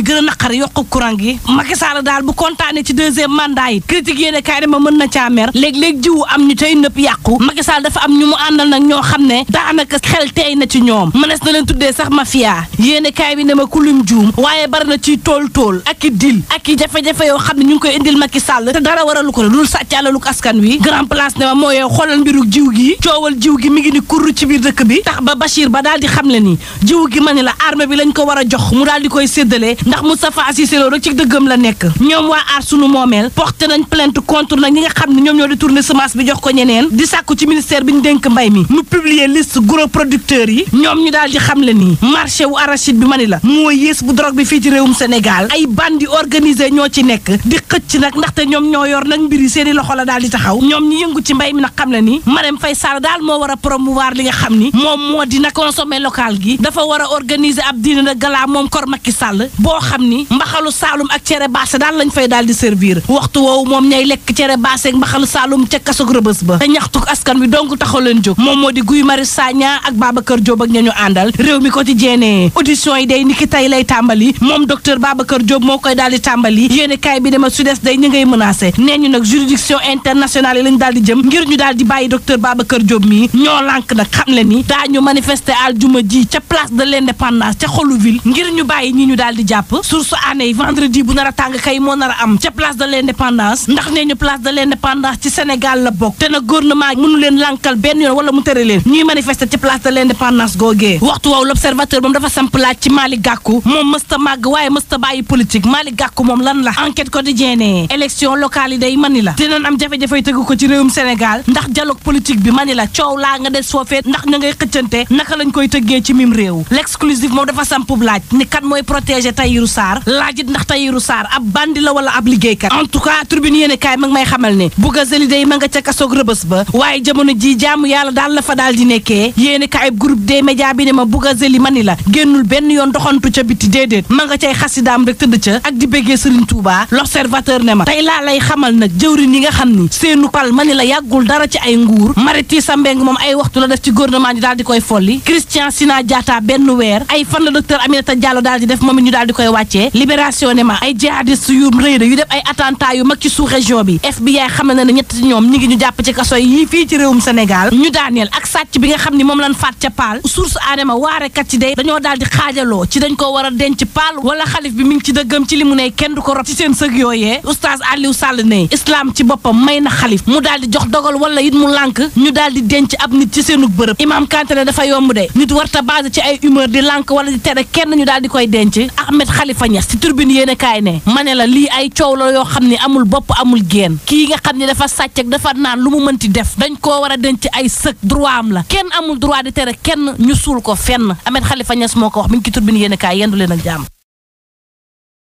bi gën a naqari yokku courant gi Macky Sall daal bu kontaanee ci deuxième mandat yi critique yéene kaay ma mën na caa léeg-léeg jiw am ñu tey nëpp yàqu Macky Sall dafa am ñu mu àndal nag ñoo xam ne daanaka xel tey na ci ñoom mënees na leen tuddee sax mafia yéene kaay bi ne ma kulum juum waaye bari na ci tool tool ak i dil ak i jafe-jafe yoo xam ne ñu ngi koy indil Macky Sall te dara waralu ko loolu sàcc alalu askan wi grand place ne ma mooyee xoolal mbiru jiw gi coowal jiw gi mi ngi ni kurru ci biir dëkk bi tax ba Bachir ba daal di xam le ni jiw gi ma ni la armée bi lañ ko war a jox mu daal di koy séddale ndax mu Cissé Lo rek ci dëggam la nekk ñoom waa aar sunu moomeel porté nañ plainte contre nag ñi nga xam ne ñoom ñoo di tourner semence bi jox ko ñeneen di sàkku ci ministère bi ñu dénk mbay mi mu publier liste gros producteurs yi ñoom ñu daal di xam le nii marché wu arachide bi ma mani la moo yées bu drogue bi fii ci réewum Sénégal ay bandi organisé ñoo ci nekk di xëcc nag ndaxte ñoom ñoo yor nag mbir yi seeni loxo la daal di taxaw ñoom ñu yëngu ci mbay mi nag xam le ni Marème Faye Sall daal moo war a promouvoir li nga xam ni moom moo di na consommer gi dafa war a organiser ab dîner de moom kor Macky Sall boo yoo xam ni mbaxalu saalum ak cere baase daal lañ fay daal di servir waxtu woowu moom ñay lekk cere baase ak mbaxalu saalum ca kasug rëbës ba te ñaxtuk askan wi donc taxaw leen jóg moom moo di Guy Marius Sagna ak Babacar Diop ak ña ñu àndal réew mi quotidien audition yi day niki tey lay tàmbali moom docteur Babacar Diop moo koy daal di tàmbali yéene kaay bi dema Sud-Est day ñu ngay menacé nee ñu nag juridiction internationale yi lañ daal di jëm ngir ñu daal di bàyyi docteur Babacar Diop mi ñoo lànk nag xam le ni daañu manifester aljuma ji ca place de l'indépendance ca xolu ville ngir ñu bàyyi ñi ñu daal di jàpp jàpp source aanéy vendredi bu nar a tàng kay moo nar a am ca place de l'indépendance ndax nee ñu place de l'indépendance ci Sénégal la bokk te nag gouvernement mënu leen benn yoon wala mu tëre leen ñuy manifester ci place de l'indépendance googee waxtu woowu l'observateur moom dafa samp laaj ci Malick Gakou moom lan la enquête quotidienne élection locale yi day mani la dinañ am jafe-jafey tëgg ko ci réewum Sénégal ndax dialogue politique bi mani la coow laa nga des foofee ndax na ngay xëccante naka lañ Tahirou Sarr laajit ndax Tahirou Sarr ab bandi la wala ab liggéeykat en tout cas tribune yéen kaay mag may xamal ne Bougazelli day ma nga ca kasoog rëbës ba waaye jamono ji jaamu yàlla daal la fa daal di nekkee yéen kaay groupe des médias bi ne ma Bougazelli mani la génnul benn yoon doxantu ca biti déedéet ma nga cay xasidaam rek tëdd ca ak di béggee Serigne Touba l'observateur ne ma tey laa lay xamal nag jëwriñ yi nga xam ni seenu pal mani la yàggul dara ci ay nguur koy wàccee libération ne ma ay jihadiste yu rëy yu def ay attentat yu mag ci sous région bi FBI xamal na ne ñett ci ñoom ñi ngi ñu jàpp ci kaso yi fii ci réewum Sénégal ñu daaneel ak sàcc bi nga xam ni moom lañ faat ca paal source waare kat ci dey dañoo daal di xaajaloo ci dañ ko war a denc paal wala xalif bi mi ngi ci dëggam ci li mu ne kenn du ko rob ci seen sëg yooyee oustaz Aliou Sall ne islam ci boppam may na xalif mu daal di jox dogal wala it mu lànk ñu daal di denc ab nit ci seenu bërëb imam Kanté ne dafa yomb de nit warta basé ci ay humeur di lànk wala di kenn ñu daal di koy denc xalifa Niass ci turbine yéen a ne ma ne la lii ay coow la yoo xam ne amul bopp amul génn kii nga xam ne dafa sàcc ak dafa naan lu mu mënti def dañ koo war a denc ay sëg droit am la kenn amul droit di tere kenn ñu suul ko fenn Ahmed xalifa ñas moo ko wax mi ngi ki turbine yéen a leen ak jàmm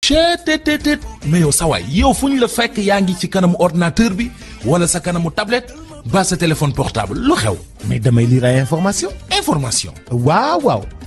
cttt mais yow sawaay yow fu ñu la fekk yaa ngi ci kanamu ordinateur bi wala sa kanamu tablette ba sa téléphone portable lu xew mais damay lire ay information information waaw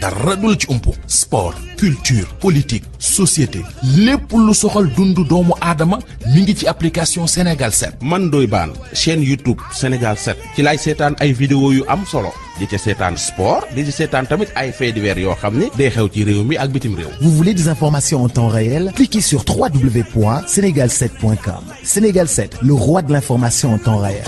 dara du la ci umpu sport culture politique société lépp lu soxal dundu doomu aadama mi ngi ci application Sénégal 7. man doy baan chaîne YouTube Sénégal set ci laay seetaan ay vidéo yu am solo di ca seetaan sport di ci seetaan tamit ay faits divers yoo xam ni day xew ci réew mi ak bitim réew. vous voulez des informations en temps réel cliquez sur www.senegal7.com Sénégal 7 le roi de l'information en temps réel.